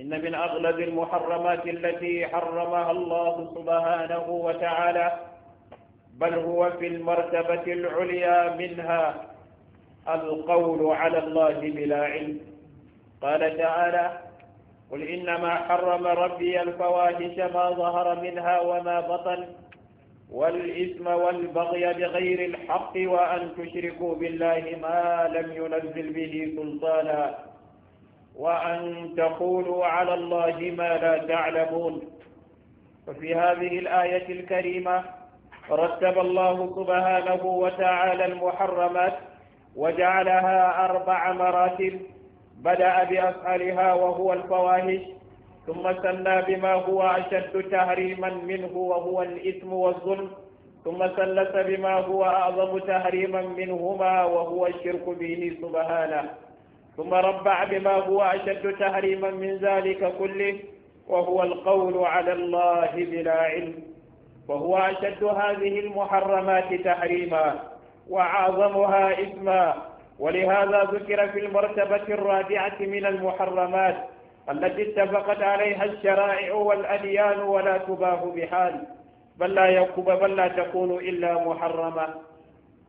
إن من أغلب المحرمات التي حرمها الله سبحانه وتعالى بل هو في المرتبة العليا منها القول على الله بلا علم قال تعالى قل إنما حرم ربي الفواحش ما ظهر منها وما بطن والإثم والبغي بغير الحق وأن تشركوا بالله ما لم ينزل به سلطانا وأن تقولوا على الله ما لا تعلمون وفي هذه الآية الكريمة رتب الله سبحانه وتعالى المحرمات وجعلها أربع مراتب بدأ بأسألها وهو الفواهش ثم سلى بما هو أشد تهريما منه وهو الإثم والظلم ثم سلس بما هو أعظم تهريما منهما وهو الشرك به سبحانه ثم ربع بما هو أشد تحريما من ذلك كله وهو القول على الله بلا علم وهو أشد هذه المحرمات تحريما وأعظمها إثما ولهذا ذكر في المرتبة الرابعة من المحرمات التي اتفقت عليها الشرائع والأديان ولا تباه بحال بل لا يكب بل لا تكون إلا محرمة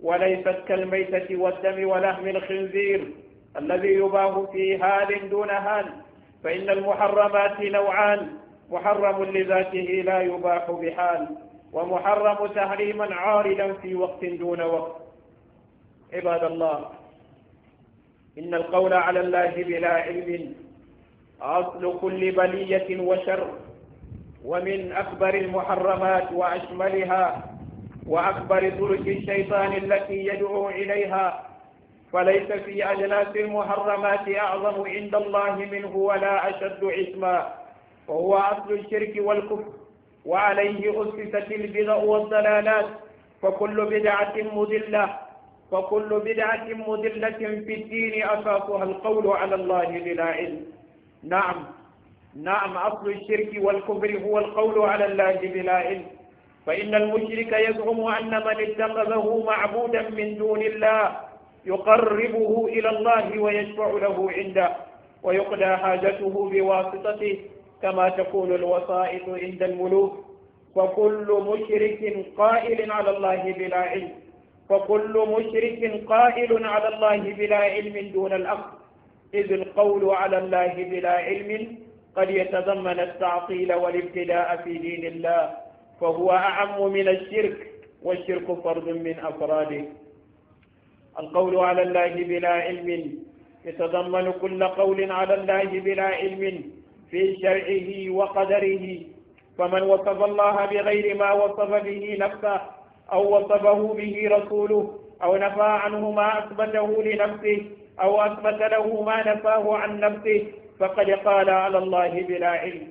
وليست كالميتة والدم ولحم الخنزير الذي يباه في هال دون هال فإن المحرمات نوعان محرم لذاته لا يباح بحال ومحرم تحريما عارضا في وقت دون وقت عباد الله إن القول على الله بلا علم أصل كل بلية وشر ومن أكبر المحرمات وأشملها وأكبر طرق الشيطان التي يدعو إليها فليس في أجناس المحرمات أعظم عند الله منه ولا أشد إثما وهو أصل الشرك والكفر وعليه أسست البدع والضلالات فكل بدعة مضلة فكل بدعة مضلة في الدين أساسها القول على الله بلا علم نعم نعم أصل الشرك والكفر هو القول على الله بلا علم فإن المشرك يزعم أن من اتخذه معبودا من دون الله يقربه إلى الله ويشفع له عنده ويقضى حاجته بواسطته كما تكون الوسائط عند الملوك فكل مشرك قائل على الله بلا علم فكل مشرك قائل على الله بلا علم دون الأخذ إذ القول على الله بلا علم قد يتضمن التعطيل والابتداء في دين الله فهو أعم من الشرك والشرك فرد من أفراده القول على الله بلا علم يتضمن كل قول على الله بلا علم في شرعه وقدره فمن وصف الله بغير ما وصف به نفسه أو وصفه به رسوله أو نفى عنه ما أثبته لنفسه أو أثبت له ما نفاه عن نفسه فقد قال على الله بلا علم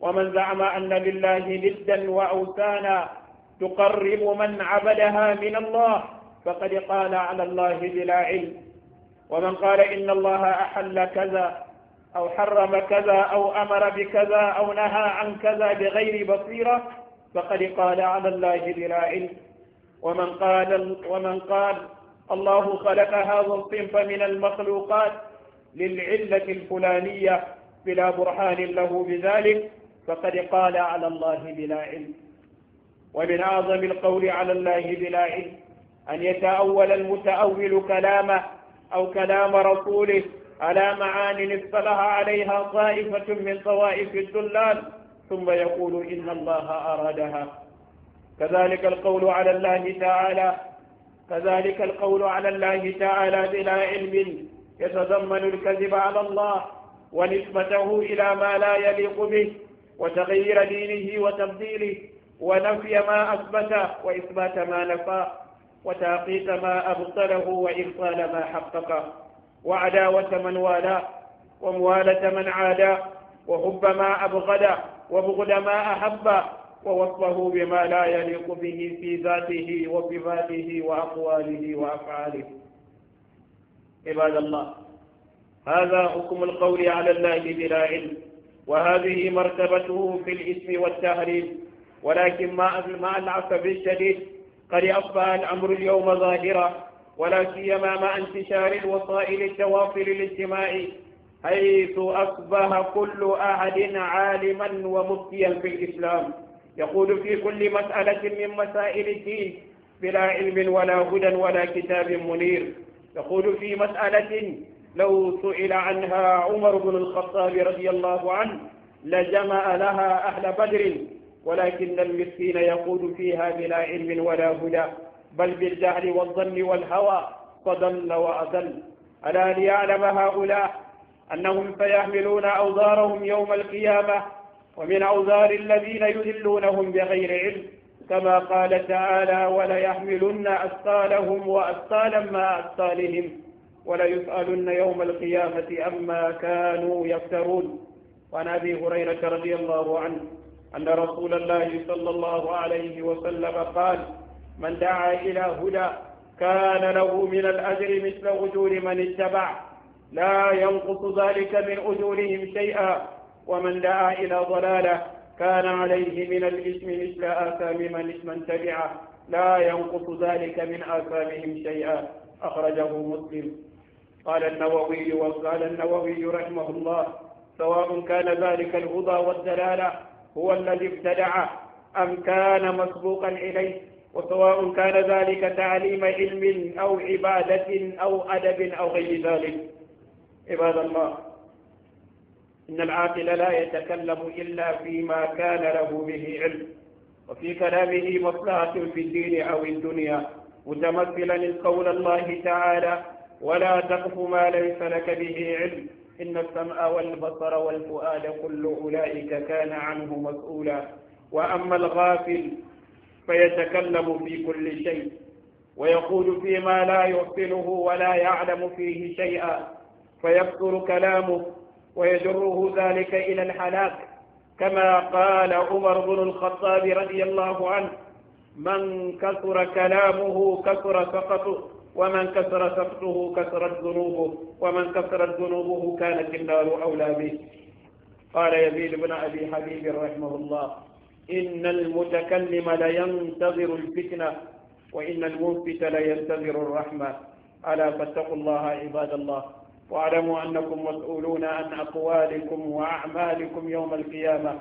ومن زعم أن لله ندا وأوثانا تقرب من عبدها من الله فقد قال على الله بلا علم ومن قال إن الله أحل كذا أو حرم كذا أو أمر بكذا أو نهى عن كذا بغير بصيرة فقد قال على الله بلا علم ومن قال ومن قال الله خلق هذا الصنف من المخلوقات للعلة الفلانية بلا برهان له بذلك فقد قال على الله بلا علم ومن أعظم القول على الله بلا علم أن يتأول المتأول كلامه أو كلام رسوله على معان اصطلح عليها طائفة من طوائف الدلال ثم يقول إن الله أرادها كذلك القول على الله تعالى كذلك القول على الله تعالى بلا علم يتضمن الكذب على الله ونسبته إلى ما لا يليق به وتغيير دينه وتبديله ونفي ما أثبته وإثبات ما نفاه وتعقيد ما أبطله وإبطال ما حققه وعداوة من والاه وموالة من عادى وحب ما أبغده وبغض ما أحب ووصفه بما لا يليق به في ذاته وصفاته وأقواله وأفعاله عباد الله هذا حكم القول على الله بلا علم وهذه مرتبته في الاسم والتهريب ولكن مع العصب الشديد قد أصبح الأمر اليوم ظاهرا ولا سيما مع انتشار الوسائل التواصل الاجتماعي حيث أصبح كل أحد عالما ومفتيا في الإسلام يقول في كل مسألة من مسائل الدين بلا علم ولا هدى ولا كتاب منير يقول في مسألة لو سئل عنها عمر بن الخطاب رضي الله عنه لجمع لها أهل بدر ولكن المسكين يقود فيها بلا علم ولا هدى بل بالجهل والظن والهوى فضل وأضل ألا ليعلم هؤلاء أنهم سيحملون أوزارهم يوم القيامة ومن أوزار الذين يذلونهم بغير علم كما قال تعالى وليحملن أثقالهم وأثقالا مع أثقالهم وليسألن يوم القيامة أما كانوا يفترون وعن أبي هريرة رضي الله عنه أن رسول الله صلى الله عليه وسلم قال من دعا إلى هدى كان له من الأجر مثل أجور من اتبع لا ينقص ذلك من أجورهم شيئا ومن دعا إلى ضلالة كان عليه من الإثم مثل آثام من اسما تبعه لا ينقص ذلك من آثامهم شيئا أخرجه مسلم قال النووي وقال النووي رحمه الله سواء كان ذلك الهدى والدلالة هو الذي ابتدعه أم كان مسبوقا إليه وسواء كان ذلك تعليم علم أو عبادة أو أدب أو غير ذلك عباد الله إن العاقل لا يتكلم إلا فيما كان له به علم وفي كلامه مصلحة في الدين أو الدنيا متمثلا قول الله تعالى ولا تقف ما ليس لك به علم إن السمع والبصر والفؤاد كل أولئك كان عنه مسؤولا وأما الغافل فيتكلم في كل شيء ويقول فيما لا يحسنه ولا يعلم فيه شيئا فيكثر كلامه ويجره ذلك إلى الحلاك كما قال عمر بن الخطاب رضي الله عنه من كثر كلامه كثر سقطه ومن كثر سقطه كثرت ذنوبه ومن كثرت ذنوبه كانت النار أولى به قال يزيد بن أبي حبيب رحمه الله إن المتكلم لينتظر الفتنة وإن المنفت لينتظر الرحمة ألا فاتقوا الله عباد الله واعلموا أنكم مسؤولون عن أقوالكم وأعمالكم يوم القيامة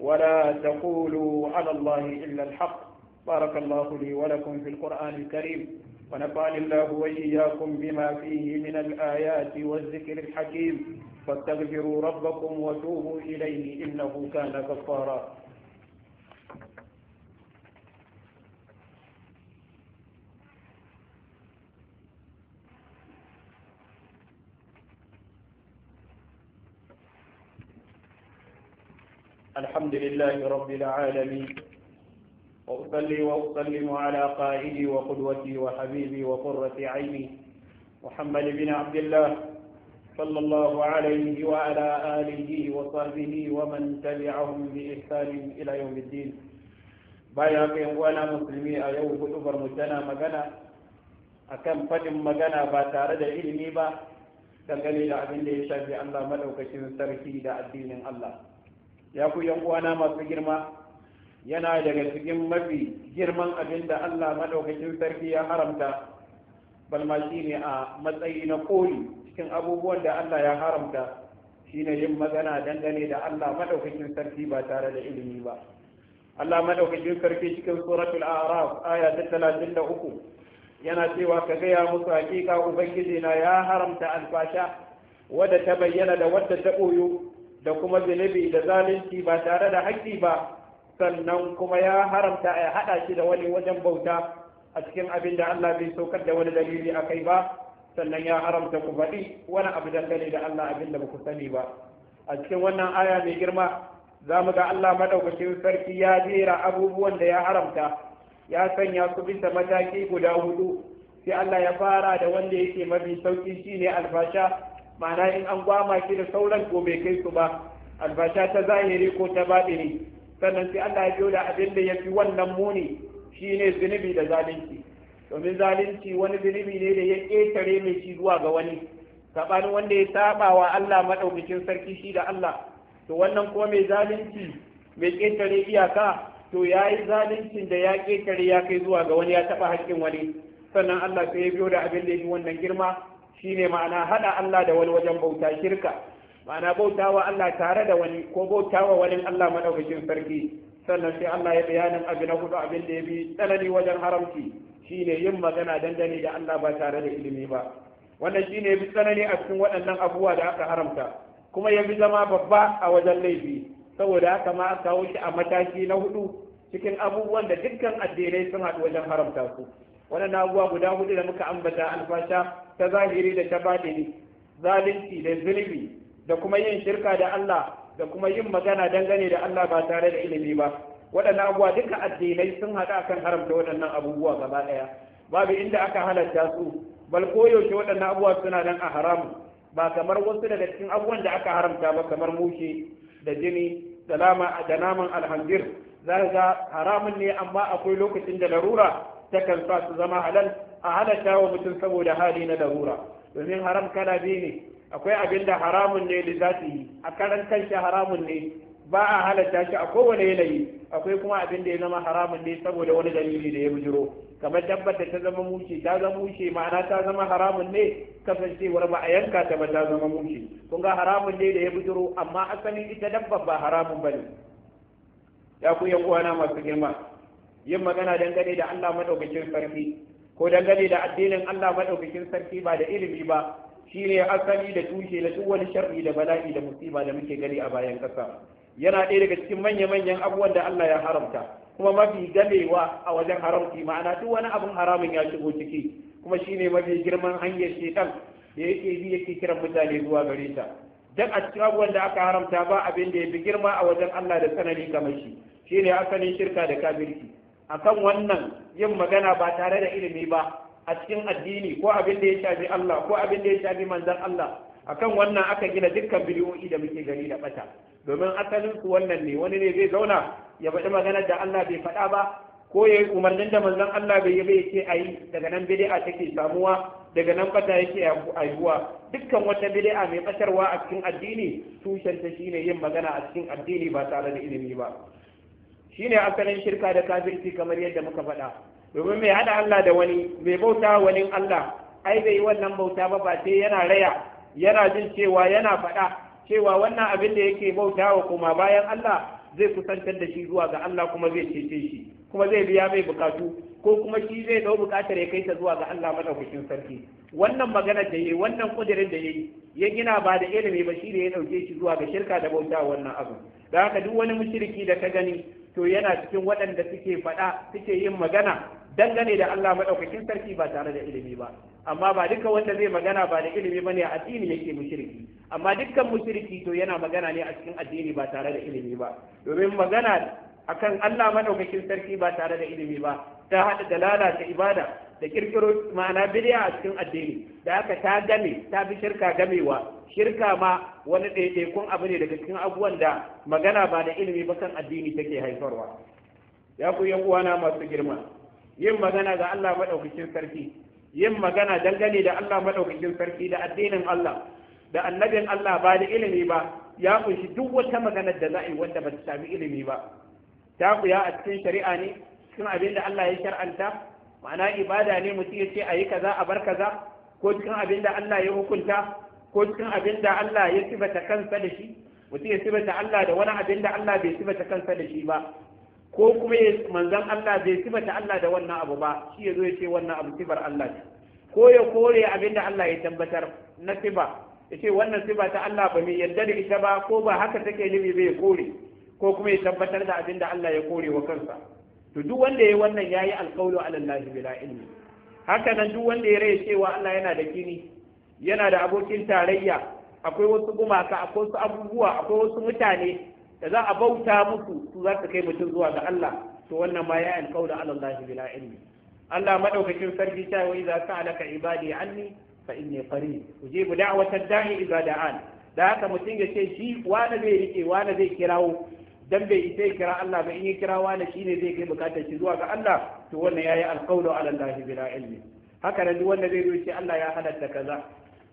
ولا تقولوا على الله إلا الحق بارك الله لي ولكم في القرآن الكريم ونفعني الله وإياكم بما فيه من الآيات والذكر الحكيم فاستغفروا ربكم وتوبوا إليه إنه كان كفارا الحمد لله رب العالمين وأصلي وأسلم على قائدي وقدوتي وحبيبي وقرة عيني محمد بن عبد الله صلى الله عليه وعلى آله وصحبه ومن تبعهم بإحسان إلى يوم الدين bayan wana musulmi a yau hudubar mu tana magana akan faɗin magana ba tare da ilimi ba dangane da abin da ya shafi Allah madaukakin sarki da addinin Allah ya ku yan uwana masu girma yana daga cikin mafi girman abin da Allah maɗaukakin sarki ya haramta balma ne a matsayi na koli cikin abubuwan da Allah ya haramta shine yin magana dangane da Allah maɗaukakin sarki ba tare da ilimi ba Allah maɗaukakin sarki cikin suratul a'raf aya ta uku yana cewa ka gaya musu hakika ubangiji na ya haramta alfasha wadda ta bayyana da wadda ta koyo da kuma zunubi da zalunci ba tare da haƙƙi ba sannan kuma ya haramta a haɗa shi da wani wajen bauta a cikin abin da Allah bai saukar da wani dalili a kai ba sannan ya haramta ku faɗi wani abu dangane da Allah abin da ku sani ba a cikin wannan aya mai girma za mu ga Allah madaukakin sarki ya jera abubuwan da ya haramta ya sanya su bisa mataki guda hudu sai Allah ya fara da wanda yake mafi sauki shine albasha ma'ana in an gwama shi da sauran ko bai kai su ba albasha ta zahiri ko ta baɗini sannan sai Allah ya biyo da abin da ya fi wannan muni shine zunubi da zalunci domin zalunci wani zunubi ne da ya ƙetare mai shi zuwa ga wani saɓanin wanda ya saba wa Allah maɗaukacin sarki shi da Allah to wannan kuma mai zalunci mai ƙetare iyaka to ya yi zaluncin da ya ƙetare ya kai zuwa ga wani ya taɓa haƙƙin wani sannan Allah sai ya biyo da abin da ya fi wannan girma shine ma'ana haɗa Allah da wani wajen bauta shirka ma'ana bautawa Allah tare da wani ko bautawa wani Allah madaukakin sarki sannan sai Allah ya bayanin abu na hudu abin da ya bi tsanani wajen haramci shine yin magana dandani da Allah ba tare da ilimi ba wannan shine ya bi tsanani a cikin waɗannan abubuwa da aka haramta kuma ya bi zama babba a wajen laifi saboda haka ma aka kawo shi a mataki na hudu cikin abubuwan da dukkan addinai sun haɗu wajen haramta su waɗannan abubuwa guda hudu da muka ambata alfasha ta zahiri da ta batini zalunci da zunubi da kuma yin shirka da Allah da kuma yin magana dangane da Allah ba tare da ilimi ba waɗannan abubuwa duka addinai sun haɗa akan haramta waɗannan abubuwa gaba ɗaya babu inda aka halatta su bal koyaushe waɗannan abubuwa suna nan a haramu ba kamar wasu daga cikin abubuwan da aka haramta ba kamar mushe da jini da naman alhamdir za ga haramun ne amma akwai lokacin da larura takan sa su zama halal a halatta wa mutum saboda hali na larura domin haram kala biyu ne akwai abin da haramun ne da zafi a karan kanshi haramun ne ba a halatta shi a kowane yanayi akwai kuma abin da ya zama haramun ne saboda wani dalili da ya bujiro kamar dabbar da ta zama mushe ta zama mushe ma'ana ta zama haramun ne kasancewar ba a yanka ta ba ta zama mushe kun ga haramun ne da ya bujiro amma asalin ita dabbar ba haramun ba ne ya ku yan uwana masu girma yin magana dangane da Allah madaukakin sarki ko dangane da addinin Allah madaukakin sarki ba da ilimi ba shine asali da tushe da duk wani sharri da bala'i da musiba da muke gani a bayan ƙasa yana ɗaya daga cikin manya-manyan abubuwan da Allah ya haramta kuma mafi gamewa a wajen haramci ma'ana duk wani abin haramun ya shigo ciki kuma shi ne mafi girman hanyar shekan da yake bi yake kiran mutane zuwa gare ta duk a cikin abubuwan da aka haramta ba abin da ya fi girma a wajen Allah da sanani kamar shi ne asalin shirka da A akan wannan yin magana ba tare da ilimi ba a cikin addini ko abin da ya shafi Allah ko abin da ya shafi manzan Allah akan wannan aka gina dukkan bidiyoyi da muke gani da bata domin asalin su wannan ne wani ne zai zauna ya faɗi magana da Allah bai faɗa ba ko ya yi umarnin da manzon Allah bai yi bai ce ayi daga nan bid'a take samuwa daga nan bata yake aihuwa dukkan wata bid'a mai batarwa a cikin addini tushen ta shine yin magana a cikin addini ba tare da ilimi ba shine asalin shirka da kafirci kamar yadda muka faɗa domin mai haɗa Allah da wani mai bauta wani Allah ai bai wannan bauta ba ba sai yana raya yana jin cewa yana faɗa cewa wannan abin da yake bautawa kuma bayan Allah zai kusantar da shi zuwa ga Allah kuma zai cece shi kuma zai biya mai bukatu ko kuma shi zai dau bukatar ya kai ta zuwa ga Allah madaukakin sarki wannan magana da yayi wannan kudirin da yayi ya gina ba da ilimi ba shi da ya ɗauke shi zuwa ga shirka da bauta wannan abin. da haka duk wani mushriki da ka gani to yana cikin waɗanda suke faɗa suke yin magana dangane da Allah maɗaukakin sarki ba tare da ilimi ba amma ba duka wanda zai magana ba da ilimi bane a addini yake mushriki amma dukkan mushriki to yana magana ne a cikin addini ba tare da ilimi ba domin magana akan Allah maɗaukakin sarki ba tare da ilimi ba ta haɗa da lalata ibada da kirkiro ma'ana bidiya a cikin addini da haka ta game ta bi shirka gamewa shirka ma wani ɗaiɗaikun abu ne daga cikin abubuwan da magana ba da ilimi ba kan addini take haifarwa ya ku yan uwana masu girma yin magana ga Allah madaukakin sarki yin magana dangane da Allah madaukakin sarki da addinin Allah da annabin Allah ba da ilimi ba ya kunshi duk wata maganar da za a yi wanda ba ta sami ilimi ba ta ya a cikin shari'a ne cikin abin da Allah ya shar'anta ma'ana ibada ne mutum ce a yi kaza a bar kaza ko cikin abin da Allah ya hukunta ko cikin abin da Allah ya sifata kansa da shi mutum ya sifata Allah da wani abin da Allah bai sifata kansa da shi ba ko kuma manzon Allah bai sifata Allah da wannan abu ba shi ya zo ya ce wannan abu sifar Allah ce ko ya kore abin da Allah ya tabbatar na sifa ya ce wannan sifa ta Allah ba mai yarda da ita ba ko ba haka take nufi bai kore ko kuma ya tabbatar da abin da Allah ya kore wa kansa to duk wanda ya wannan yayi alqawlu ala allah bila ilmi haka nan duk wanda ya rai cewa Allah yana da gini yana da abokin tarayya akwai wasu gumaka akwai wasu abubuwa akwai wasu mutane da za a bauta musu su za su kai mutum zuwa ga Allah to wannan ma ya alqawlu ala allah bila ilmi Allah madaukakin sarki ta yi za ka alaka ibadi anni fa inni qarib ujibu da'watad da'i idza da'an da haka mutum ya ce shi wani zai rike wani zai kirawo dan bai isa ya kira Allah ba in ya kira wani shine zai kai bukatar shi zuwa ga Allah to wannan yayi alqawlu ala Allah bila ilmi haka nan duk wanda zai zo ce Allah ya halatta kaza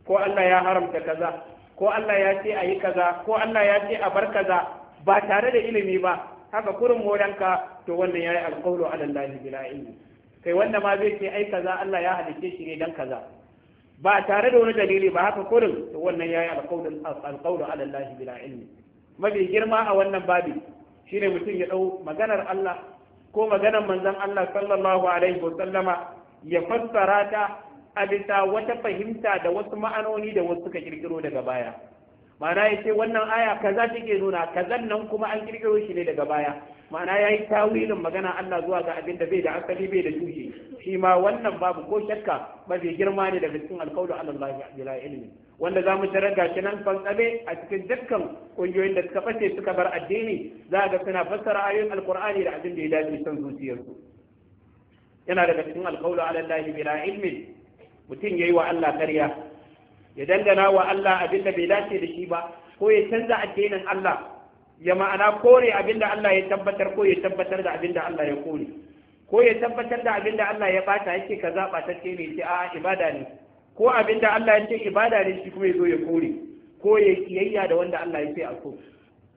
ko Allah ya haramta kaza ko Allah ya ce a yi kaza ko Allah ya ce a bar kaza ba tare da ilimi ba haka kurin moranka to wannan yayi alqawlu ala Allah bila ilmi kai wanda ma zai ce ai kaza Allah ya halicce shi ne dan kaza ba tare da wani dalili ba haka kurin to wannan yayi alqawlu alqawlu ala Allah bila ilmi mafi girma a wannan babi shine mutum ya ɗau maganar Allah ko maganar manzan Allah sallallahu alaihi wasallama ya fassara ta a bisa wata fahimta da wasu ma'anoni da wasu suka kirkiro daga baya ma'ana ya ce wannan aya kaza take nuna kazan nan kuma an kirkiro shi ne daga baya ma'ana yayi tawilin magana Allah zuwa ga abin da bai da asali bai da tushe shi ma wannan babu ko shakka mafi girma ne daga cikin alkaulu Allah bila ilmi wanda za mu tarar gashi nan a cikin dukkan ƙungiyoyin da suka fashe suka bar addini za a ga suna fassara ayoyin alkur'ani da abin da ya dace son zuciyarsu yana daga cikin alkaulu Allah bila ilmi mutum yayi wa Allah karya ya dangana wa Allah abin da bai dace da shi ba ko ya canza addinin Allah ya ma'ana kore abinda Allah ya tabbatar ko ya tabbatar da abinda Allah ya kore ko ya tabbatar da abinda Allah ya bata yake kaza ce ne ce a ibada ne ko abinda Allah ya ce ibada ne shi kuma yazo ya kore ko ya kiyayya da wanda Allah ya ce a so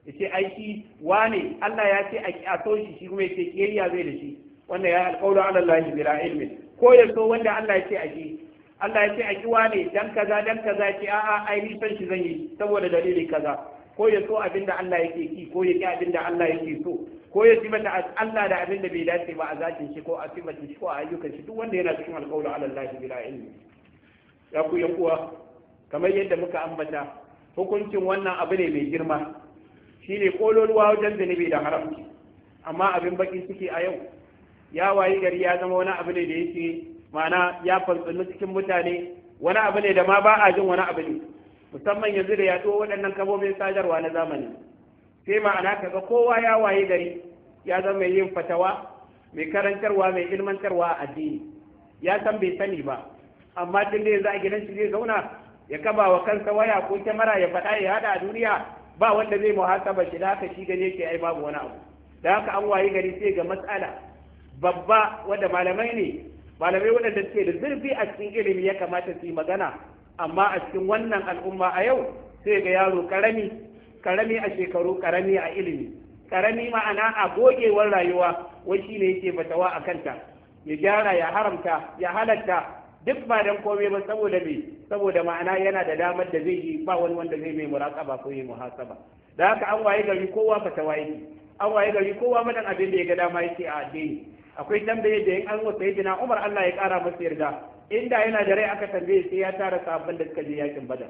ya ce ai shi wane Allah ya ce a so shi shi kuma ya ce kiyayya zai da shi Wannan ya alƙawlu ala Allah bila ilmi ko ya so wanda Allah ya ce a ji Allah ya ce a ki wane dan kaza dan kaza ce a'a ai ni san shi zan yi saboda dalili kaza ko ya so abin da Allah yake ki ko ya ki abin da Allah yake so ko ya ji mata Allah da abin da bai dace ba a zakin shi ko a sifatin shi ko a ayyukan shi duk wanda yana cikin alƙawla ala Allah la ilmi ya ku yan uwa kamar yadda muka ambata hukuncin wannan abu ne mai girma shine kololuwa wajen da zunubi da haramci amma abin bakin ciki a yau ya wayi gari ya zama wani abu ne da yake ma'ana ya fantsunu cikin mutane wani abu ne da ma ba a jin wani abu ne musamman yanzu da yaɗo waɗannan kamomin sadarwa na zamani sai ma'ana kaga kowa ya waye gari ya zama mai yin fatawa mai karantarwa mai ilmantarwa a addini ya san bai sani ba amma tun da yanzu a gidan shi zai zauna ya kaba wa kansa waya ko kyamara ya faɗa ya haɗa a duniya ba wanda zai muhasaba shi da haka shi gane ke ai babu wani abu da haka an waye gari sai ga matsala babba wanda malamai ne malamai waɗanda suke da zurfi a cikin ilimi ya kamata su yi magana amma a cikin wannan al'umma a yau sai ga yaro karami karami a shekaru karami a ilimi karami ma'ana a gogewar rayuwa wai shi ne yake fatawa a kanta ya gyara ya haramta ya halatta duk ba dan komai ba saboda me saboda ma'ana yana da damar da zai yi ba wani wanda zai mai muraqaba ko yi muhasaba da haka an waye gari kowa fatawa yake an waye gari kowa madan abin da ya ga dama yake a addini akwai tambaye da in an wasa yana Umar Allah ya kara masa yarda inda yana da rai aka tambaye sai ya tara sabon da suka je yakin badar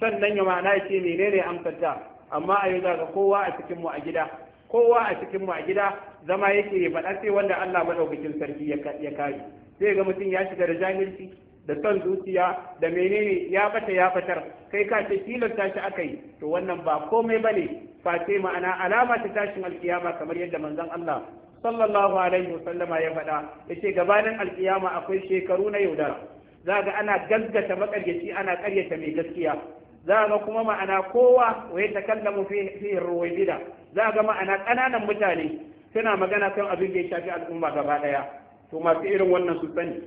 sannan ya ma'ana ce menene amsar ta amma a yau ga kowa a cikin mu a gida kowa a cikin mu a gida zama yake faɗa sai wanda Allah madaukakin sarki ya kare sai ga mutum ya shiga da jahilci da son zuciya da menene ya bata ya fatar kai ka ce tilasta shi aka yi to wannan ba komai bane sai ma'ana alama ta tashin alkiyama kamar yadda manzon Allah sallallahu alaihi wasallama ya faɗa ce gabanin alkiyama akwai shekaru na yaudara za ga ana gaggata makaryaci ana karyata mai gaskiya za ga kuma ma'ana kowa waye ya takallamu fi ruwaidida za ga ma'ana ƙananan mutane suna magana kan abin da ya shafi al'umma gaba ɗaya to masu irin wannan su sani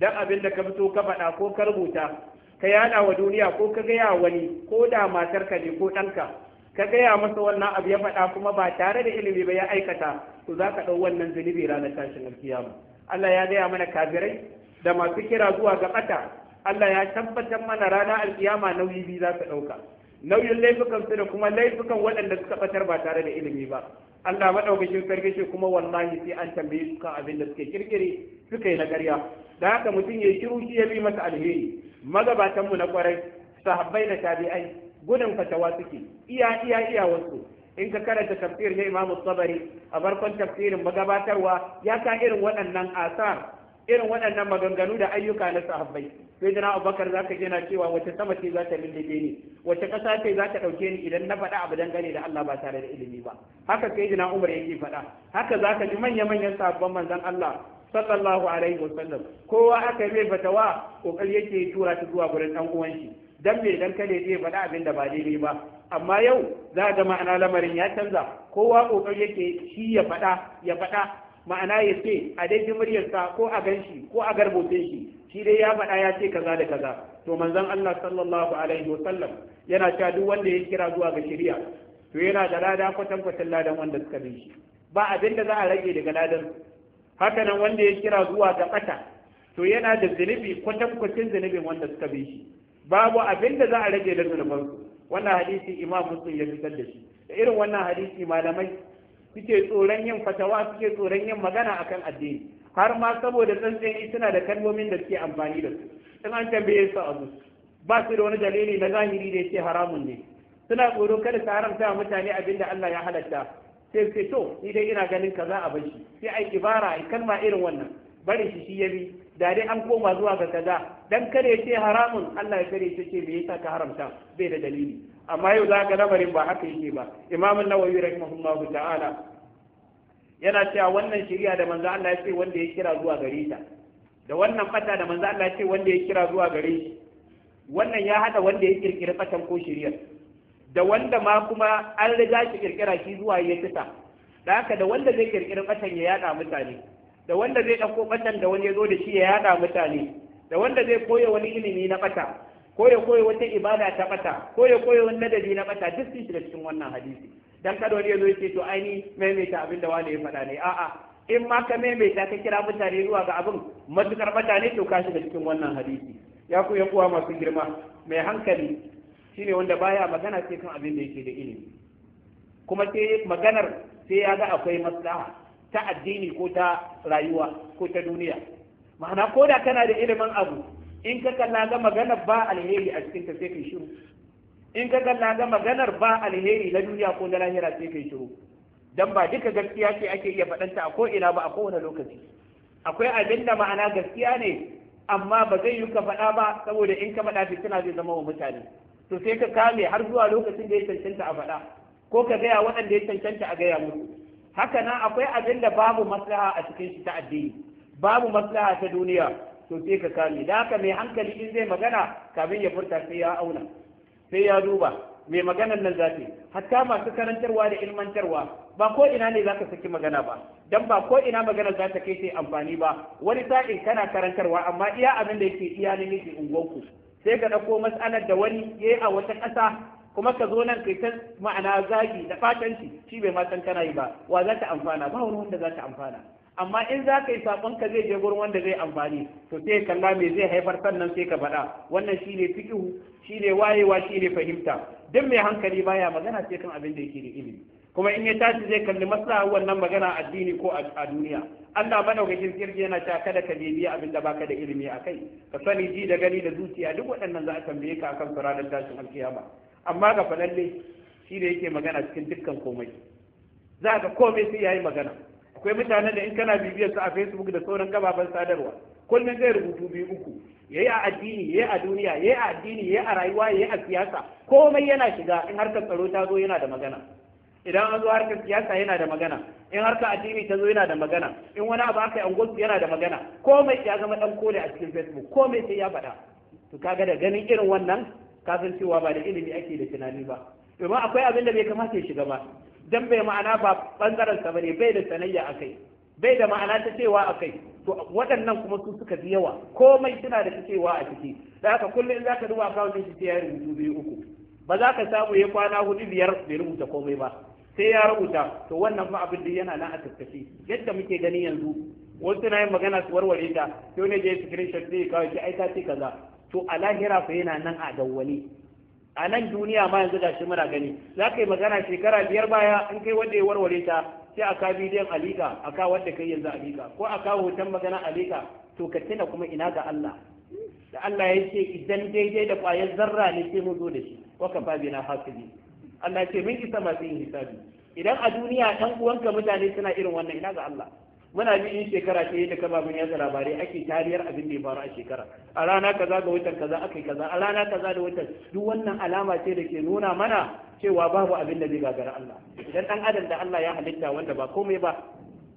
dan abin da ka fito ka faɗa ko ka rubuta ka yaɗa wa duniya ko ka gaya wani ko da matarka ne ko ɗanka ka gaya masa wannan abu ya faɗa kuma ba tare da ilimi ba ya aikata to za ka ɗau wannan zunubi ranar tashin alkiyama Allah ya gaya mana kafirai da masu kira zuwa ga ɓata Allah ya tabbatar mana rana alkiyama nauyi biyu za su ɗauka nauyin laifukan su da kuma laifukan waɗanda suka batar ba tare da ilimi ba Allah maɗaukakin sarki shi kuma wallahi sai an tambaye su kan abin da suke kirkire suka yi na ƙarya da haka mutum ya shiru shi ya bi masa alheri magabatanmu na ƙwarai sahabbai da tabi'ai gudun fatawa suke iya iya iya wasu in ka karanta tafsir na imamu sabari a farkon tafsirin magabatarwa ya ka irin waɗannan asar irin waɗannan maganganu da ayyuka na sahabbai sai jina abubakar za ka na cewa wace sama ce za ta lullube ni wace ƙasa ce za ta ɗauke ni idan na faɗa abu dangane da Allah ba tare da ilimi ba haka sai jina umar yake faɗa haka za ka ji manya-manyan sahabban manzon Allah sallallahu alaihi wasallam kowa aka yi mai fatawa kokari yake tura ta zuwa gurin ɗan uwan shi dan me dan kada zai faɗa abin da ba daidai ba amma yau za ga ma'ana lamarin ya canza kowa kokari yake shi ya faɗa ya faɗa ma'ana ya ce a daidai muryarsa ko a ganshi ko a garbotin shi shi dai ya faɗa ya ce kaza da kaza to manzon Allah sallallahu alaihi wasallam yana cewa duk wanda ya kira zuwa ga shari'a to yana da lada kwatan kwatan ladan wanda suka bin shi ba abin da za a rage daga ladan haka nan wanda ya kira zuwa ga ɓata to yana da zunubi kwatan kwatan zunubin wanda suka bin shi babu abin da za a rage da zunubansu wannan hadisi imam muslim ya fitar da shi da irin wannan hadisi malamai suke tsoron yin fatawa suke tsoron yin magana akan addini har ma saboda tsantseni suna da kalmomin da suke amfani da su in an tambaye su a zuci ba su da wani dalili na zahiri da yake haramun ne suna tsoro kada su haramta mutane abin da Allah ya halatta sai sai to ni dai ina ganin kaza a bar shi sai ai ibara ai kalma irin wannan bari shi shi ya bi da dai an koma zuwa ga kaza dan kare ce haramun Allah ya kare ce me yasa ka haramta bai da dalili amma yau za ka lamarin ba haka yake ba Imam An-Nawawi rahimahullahu ta'ala yana cewa wannan shari'a da manzo Allah ya ce wanda ya kira zuwa gare ta da wannan fata da manzo Allah ya ce wanda ya kira zuwa gare shi wannan ya hada wanda ya kirkira fatan ko shari'a da wanda ma kuma an riga shi kirkira shi zuwa ya fita da haka da wanda zai kirkira fatan ya yada mutane da wanda zai ɗauko ɓatan da wani ya zo da shi ya yaɗa mutane da wanda zai koya wani ilimi na ɓata ko ya koya wata ibada ta ɓata ko ya koya wani ladabi na ɓata duk sun shiga cikin wannan hadisi dan kada wani ya zo ce to aini maimaita abin da wani ya faɗa ne a'a in ma ka maimaita ka kira mutane zuwa ga abin matukar ne to ka shiga cikin wannan hadisi ya ku yan uwa masu girma mai hankali shine wanda baya magana sai kan abin da yake da ilimi kuma sai maganar sai ya ga akwai maslaha ta addini ko ta rayuwa ko ta duniya ma'ana ko da kana da ilimin abu in ka kalla ga maganar ba alheri a cikin ta sai kai shiru in ka kalla ga maganar ba alheri na duniya ko na lahira sai kai shiru dan ba duka gaskiya ce ake iya faɗanta a ko ina ba a kowane lokaci akwai abin da ma'ana gaskiya ne amma ba zai yi ka faɗa ba saboda in ka faɗa fitina zai zama wa mutane to sai ka kame har zuwa lokacin da ya cancanta a faɗa ko ka gaya waɗanda ya cancanta a gaya musu haka nan akwai abin da babu maslaha a cikin shi ta addini babu maslaha ta duniya to sai ka kame da haka mai hankali in zai magana kamin ya furta sai ya auna sai ya duba mai maganar nan zafi hatta masu karantarwa da ilmantarwa ba ko ina ne zaka saki magana ba dan ba ko ina magana za ta kai sai amfani ba wani sa'in kana karantarwa amma iya abin da yake iya ne yake ungonku sai ka dauko mas'alar da wani yayi a wata ƙasa kuma ka zo nan kai ta ma'ana zagi da fatanci shi bai ma san kana yi ba wa za ta amfana ba wani wanda za ta amfana amma in za ka yi sabon ka zai je gurin wanda zai amfani to sai kalla me zai haifar sannan sai ka faɗa wannan shine fiqhu shine wayewa ne fahimta duk mai hankali baya magana sai kan abin da yake da ilimi kuma in ya tashi zai kalli maslaha wannan magana addini ko a duniya Allah madaukakin kirji yana ta kada ka biya abin da baka da ilimi akai ka sani ji da gani da zuciya duk waɗannan za a tambaye ka akan su tashin alkiyama amma ga falalle shi da yake magana cikin dukkan komai za ka komai sai yayi magana akwai mutanen da in kana bibiyar su a facebook da sauran gababan sadarwa kullum zai rubutu biyu uku yayi a addini yayi a duniya yayi a addini yayi a rayuwa yayi a siyasa komai yana shiga in harkar tsaro ta zo yana da magana idan an zo harkar siyasa yana da magana in harkar addini ta zo yana da magana in wani abu aka yi angosu yana da magana komai ya zama dan kole a cikin facebook komai sai ya faɗa to kaga da ganin irin wannan ka san cewa ba da ilimi ake da tunani ba domin akwai abin da bai kamata ya shiga ba dan bai ma'ana ba bangaren sa bane bai da sanayya akai bai da ma'ana ta cewa akai to waɗannan kuma su suka fi yawa komai suna da cewa a ciki da haka kullum za ka duba akawuntin shi sai ya rubuta biyu uku ba za ka samu ya kwana hudu biyar bai rubuta komai ba sai ya rubuta to wannan ma abin da yana nan a tattace yadda muke gani yanzu wasu na yin magana su warware ta sai wani je screenshot zai kawo shi ai ta ce kaza to a lahira fa yana nan a dawwale a nan duniya ma yanzu gashi muna gani za ka yi magana shekara biyar baya in kai wanda ya warware ta sai a ka bidiyon alika a ka wanda kai yanzu alika ko a ka hoton magana alika to ka tuna kuma ina ga Allah da Allah ya ce idan daidai da kwayar zarra ne sai mu zo da shi wa kafa na hasibi Allah ce mun isa masu yin hisabi idan a duniya dan uwanka mutane suna irin wannan ina ga Allah muna bi in shekara ce da kaba mun yasa labarai ake tariyar abin da ya faru a shekara a rana kaza ga watan kaza aka kaza a rana kaza da watan duk wannan alama ce da ke nuna mana cewa babu abin da zai gagara Allah idan dan adam da Allah ya halitta wanda ba komai ba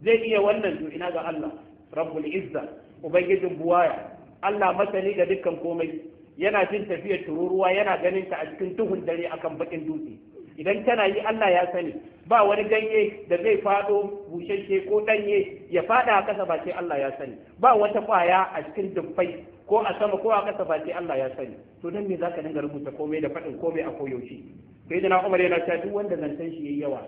zai iya wannan to ina ga Allah rabbul izza ubangijin buwaya Allah masani ga dukkan komai yana jin tafiyar tururuwa yana ganin ta a cikin duhun dare akan bakin dutse idan tana yi Allah ya sani ba wani ganye da zai fado bushashe ko danye ya fada a kasa ba sai Allah ya sani ba wata ƙwaya a cikin dubbai ko a sama ko a kasa ba sai Allah ya sani to dan me zaka dinga rubuta komai da faɗin komai a koyaushe sai da Umar yana cewa duk wanda zancen shi yayi yawa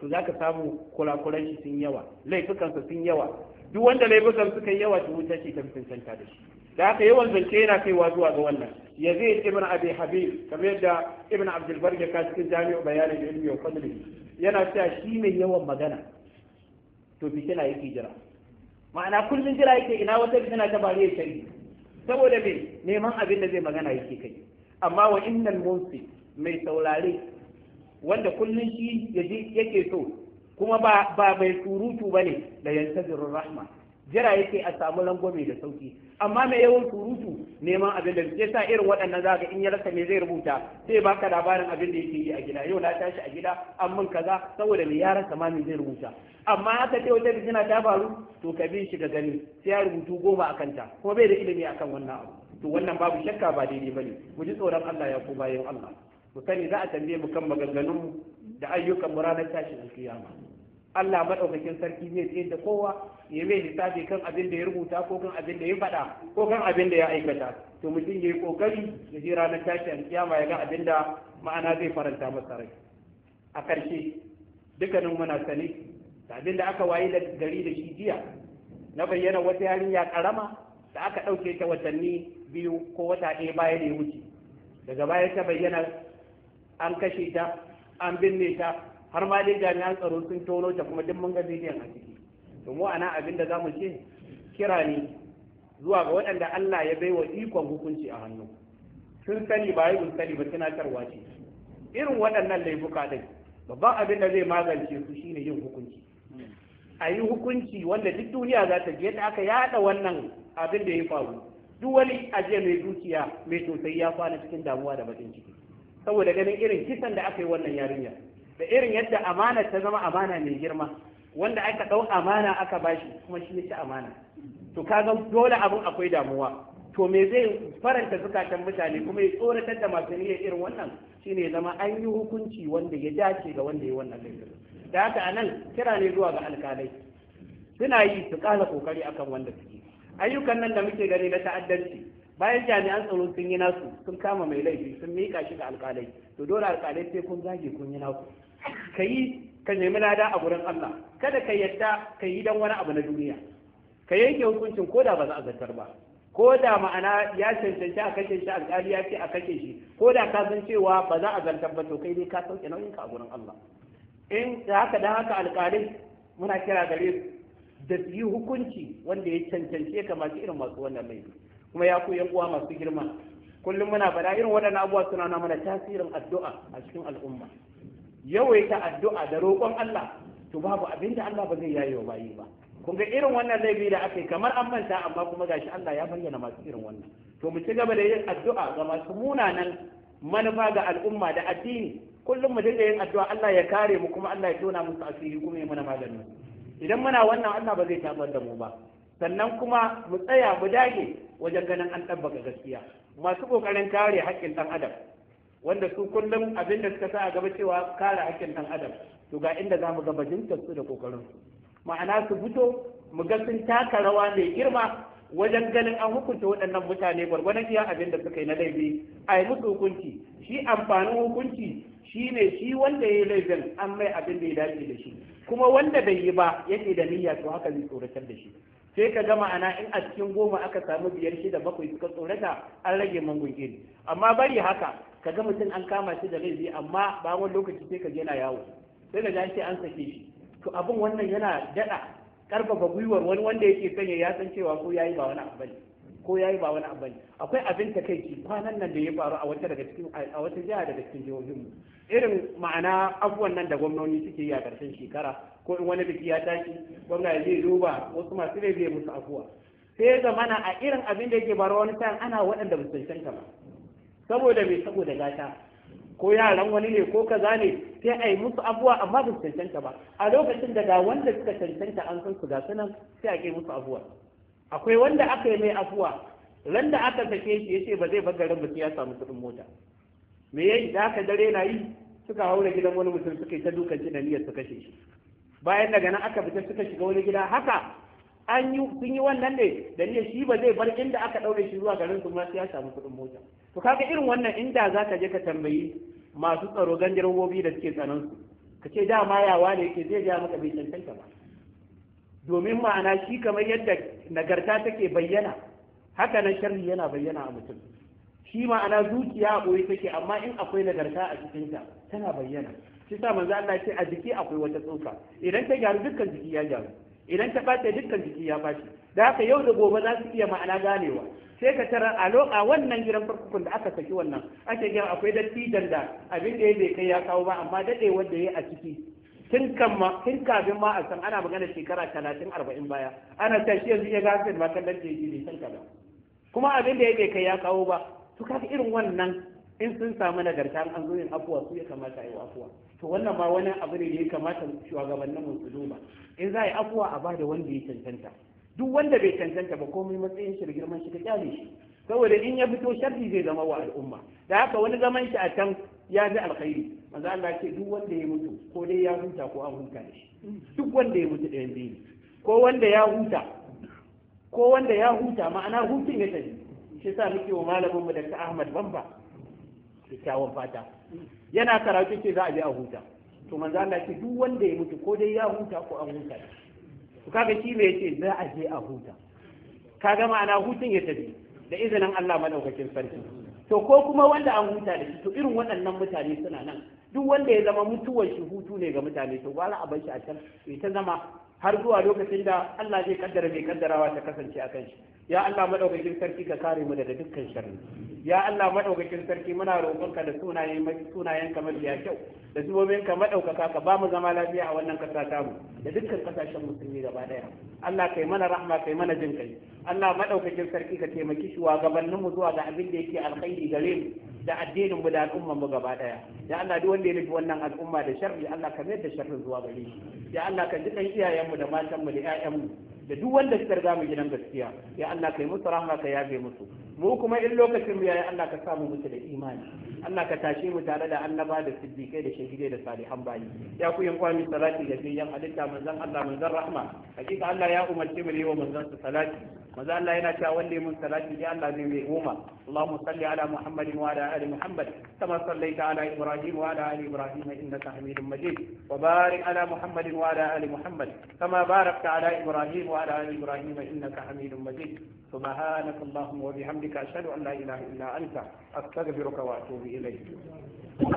to zaka samu kulakuran shi sun yawa laifukansa sun yawa duk wanda laifukan suka yawa to wuta ce ta fi da shi da aka yawan zance yana wa zuwa ga wannan yazid ibn abi habib kamar yadda ibn abdul ya kashi cikin jami'u bayanin ilmi wa fadli yana cewa shi mai yawan magana to fitina yake jira ma'ana kullum jira yake ina wata fitina ta bari ya shari saboda me neman abin da zai magana yake kai amma wa innal munsi mai saurare wanda kullum shi yake so kuma ba ba bai surutu bane da yantazirur rahma jira yake a samu rangwame da sauki amma mai yawan surutu neman abin da ke sa irin waɗannan za ga in ya rasa me zai rubuta sai baka labarin abin da yake yi a gida yau na tashi a gida an min kaza saboda me ya rasa ma zai rubuta amma haka ce wata fitina ta faru to ka bin shi ga gani sai ya rubutu goma a kanta. kuma bai da ilimi akan wannan abu to wannan babu shakka ba daidai bane mu ji tsoron Allah ya ko bayan Allah mu sani za a tambaye mu kan maganganunmu da ayyukan mu ranar tashin alkiyama Allah maɗaukakin sarki zai tsaye da kowa ya mai lissafi kan abin da ya rubuta ko kan abin da ya faɗa ko kan abin da ya aikata to mutum ya yi ƙoƙari ya je ranar tashi kiyama ya ga abin da ma'ana zai faranta masa rai a ƙarshe dukkanin muna sani da abin da aka wayi da gari da shi jiya na bayyana wata yarinya ƙarama da aka ɗauke ta watanni biyu ko wata ɗaya baya da ya wuce daga baya ta bayyana an kashe ta an binne ta har ma dai jami'an tsaro sun tono ta kuma duk mun ga bidiyon a ciki to mu ana abin da zamu ce kira ne zuwa ga waɗanda Allah ya baiwa ikon hukunci a hannu sun sani ba yi sani ba tunatarwa ce irin waɗannan laifuka din babban abin da zai magance su shine yin hukunci a yi hukunci wanda duk duniya za ta je yadda aka yada wannan abin da ya faru duk wani ajiye mai dukiya mai sosai ya kwana cikin damuwa da bakin ciki saboda ganin irin kisan da aka yi wannan yarinya da irin yadda amana ta zama amana mai girma wanda aka ɗau amana aka bashi kuma shi ya ci amana to kaga dole abin akwai damuwa to me zai faranta zukatan mutane kuma ya tsoratar da masu niyyar irin wannan shine zama an yi hukunci wanda ya dace ga wanda ya wannan laifin da haka anan kira ne zuwa ga alkalai suna yi su kala kokari akan wanda suke ayyukan nan da muke gani na ta'addanci bayan jami'an tsaro sun yi nasu sun kama mai laifi sun miƙa shi ga alkalai to dole alƙalai sai kun zage kun yi naku ka yi ka nemi lada a gurin Allah kada ka yadda ka yi dan wani abu na duniya ka yanke hukuncin ko da ba za a zartar ba ko da ma'ana ya cancanci a kashe shi alƙali ya ce a kashe shi ko da ka san cewa ba za a zartar ba to kai dai ka sauke nauyin ka a gurin Allah in da haka da haka alƙalai muna kira gare su da su yi hukunci wanda ya cancance masu irin masu wannan laifi kuma ya ku yan uwa masu girma kullum muna faɗa irin waɗannan abubuwa suna na mana tasirin addu'a a cikin al'umma yawaita addu'a da roƙon Allah to babu abinda Allah ba zai yaye wa yi ba kun ga irin wannan laifi da aka kamar an manta amma kuma gashi Allah ya bayyana masu irin wannan to mu ci gaba da yin addu'a ga masu munanan manufa ga al'umma da addini kullum mu dinga yin addu'a Allah ya kare mu kuma Allah ya tona musu asiri kuma ya mana magani idan muna wannan Allah ba zai tabar da mu ba sannan kuma mu tsaya mu dage wajen ganin an ɗabbaka gaskiya masu kokarin kare haƙƙin ɗan adam wanda su kullum abin da suka sa a gaba cewa kare haƙƙin ɗan adam to ga inda za mu ga bajintar su da kokarin su ma'ana su fito mu ga sun taka rawa mai girma wajen ganin an hukunta waɗannan mutane gwargwadon iya abin da suka yi na laifi a yi musu hukunci shi amfanin hukunci shi ne shi wanda ya yi laifin an mai abin da ya dace da shi kuma wanda bai yi ba yake da niyya to haka zai tsoratar da shi sai ka gama ana in a cikin goma aka samu biyar shida bakwai suka tsorata an rage mangun iri amma bari haka ka ga mutum an kama shi da laifi amma ba wani lokaci sai ka yana yawo sai ka ce an sake shi to abin wannan yana daɗa ƙarfafa gwiwar wani wanda yake sanya ya san cewa ko yayi ba wani abu bane ko yayi ba wani abu bane akwai abin takeici kwanan nan da ya faru a wata daga cikin a wata jiha daga cikin jihohin mu irin ma'ana abubuwan nan da gwamnoni suke yi a ƙarshen shekara ko in wani biki ya tashi gwamna ya duba wasu masu rai zai musu afuwa sai ya zamana a irin abin da yake bara wani sa'an ana waɗanda ba cancanta ba saboda mai saboda gata ko yaran wani ne ko kaza ne sai a yi musu abuwa amma ba su cancanta ba a lokacin da ga wanda suka cancanta an san su ga sunan sai a ke musu abuwa akwai wanda aka yi mai afuwa ran da aka sake shi yace ba zai bar garin ba ya samu kuɗin mota me yayi da aka dare na yi suka haura gidan wani mutum suka yi ta dukan da niyyar su kashe shi bayan daga nan aka fita suka shiga wani gida haka an yi sun yi wannan ne da ne shi ba zai bar inda aka daure shi zuwa garin su ma sai ya samu kuɗin mota to kaga irin wannan inda za ka je ka tambayi masu tsaro ganjar wobi da suke tsanan su ka ce dama yawa ne yake zai ja maka bai cancanta ba domin ma'ana shi kamar yadda nagarta take bayyana haka nan sharri yana bayyana a mutum shi ma'ana zuciya a ɓoye take amma in akwai nagarta a cikinta tana bayyana shi sa manzo Allah ce a jiki akwai wata tsoka idan ta gyaru dukkan jiki ya gyaru idan ta bace dukkan jiki ya bace da haka yau da gobe za su iya ma'ana ganewa sai ka tara a loka wannan gidan farkukun da aka saki wannan ake gyan akwai dattijan danda abin da ya bai kai ya kawo ba amma dade wanda ya a ciki tun tun kafin ma a san ana magana shekara talatin arba'in baya ana ta shi yanzu ya gafe ma kallon da ne san kaza kuma abin da ya bai kai ya kawo ba to kaga irin wannan in sun samu nagarta an zo yin afuwa su ya kamata a yi afuwa to wannan ba wani abu ne da ya kamata shugabannin mu su duba in za a yi afuwa a bada wanda ya cancanta duk wanda bai cancanta ba komai matsayin shi da girman shi ka kyale shi saboda in ya fito sharri zai zama wa al'umma da haka wani zaman shi a can ya ji alkhairi manzo Allah ce duk wanda ya mutu ko dai ya huta ko an huta da shi duk wanda ya mutu ɗayan biyu ko wanda ya huta ko wanda ya huta ma'ana hutun ya tafi shi sa muke wa malamin mu ta Ahmad Bamba kyakkyawan fata yana karatu ce za a je a huta to manzo Allah ce duk wanda ya mutu ko dai ya huta ko an huta to kaga shi me yace za a je a huta kaga ma'ana hutun ya tafi da izinin Allah madaukakin sarki to ko kuma wanda an huta da shi to irin waɗannan mutane suna nan duk wanda ya zama mutuwar shi hutu ne ga mutane to gwala a bar a can ta zama har zuwa lokacin da Allah zai kaddara mai kaddarawa ta kasance a kan shi ya Allah madaukakin sarki ka kare mu daga dukkan sharri ya Allah madaukakin sarki muna roƙonka da sunayen sunayen kamar ya kyau da zuwobin ka madaukaka ka ba mu zama lafiya a wannan kasa mu da dukkan kasashen musulmi gaba daya Allah kai mana rahma kai mana jin kai Allah madaukakin sarki ka taimaki shugabannin mu zuwa ga abin da yake alkhairi gare mu da addinin mu da al'umman mu gaba daya ya Allah duk wanda ya nufi wannan al'umma da sharri Allah ka mai da sharrin zuwa gare shi ya Allah ka ji dan iyayen mu da matan mu da ƴaƴan mu da duk wanda suka riga mu gidan gaskiya ya Allah kai musu rahma ka yafe musu mu kuma in lokacin mu yayi Allah ka samu musu da imani Allah ka tashe mu tare da annaba da siddiqai da shahidai da salihan bayi ya ku yan kwami salati da biyan halitta manzon Allah manzon rahma hakika Allah ya umarci mu yi wa manzon su salati manzon Allah yana cewa wanda mun salati ya Allah zai mai goma Allahumma salli ala Muhammadin wa ala ali Muhammad kama sallaita ala Ibrahim wa ala ali Ibrahim innaka Hamidum Majid wa barik ala Muhammadin wa ala ali Muhammad kama barakta ala Ibrahim wa ala ali Ibrahim innaka Hamidum Majid subhanakallahumma wa bihamdika ashhadu an la ilaha illa anta astaghfiruka wa atubu إليه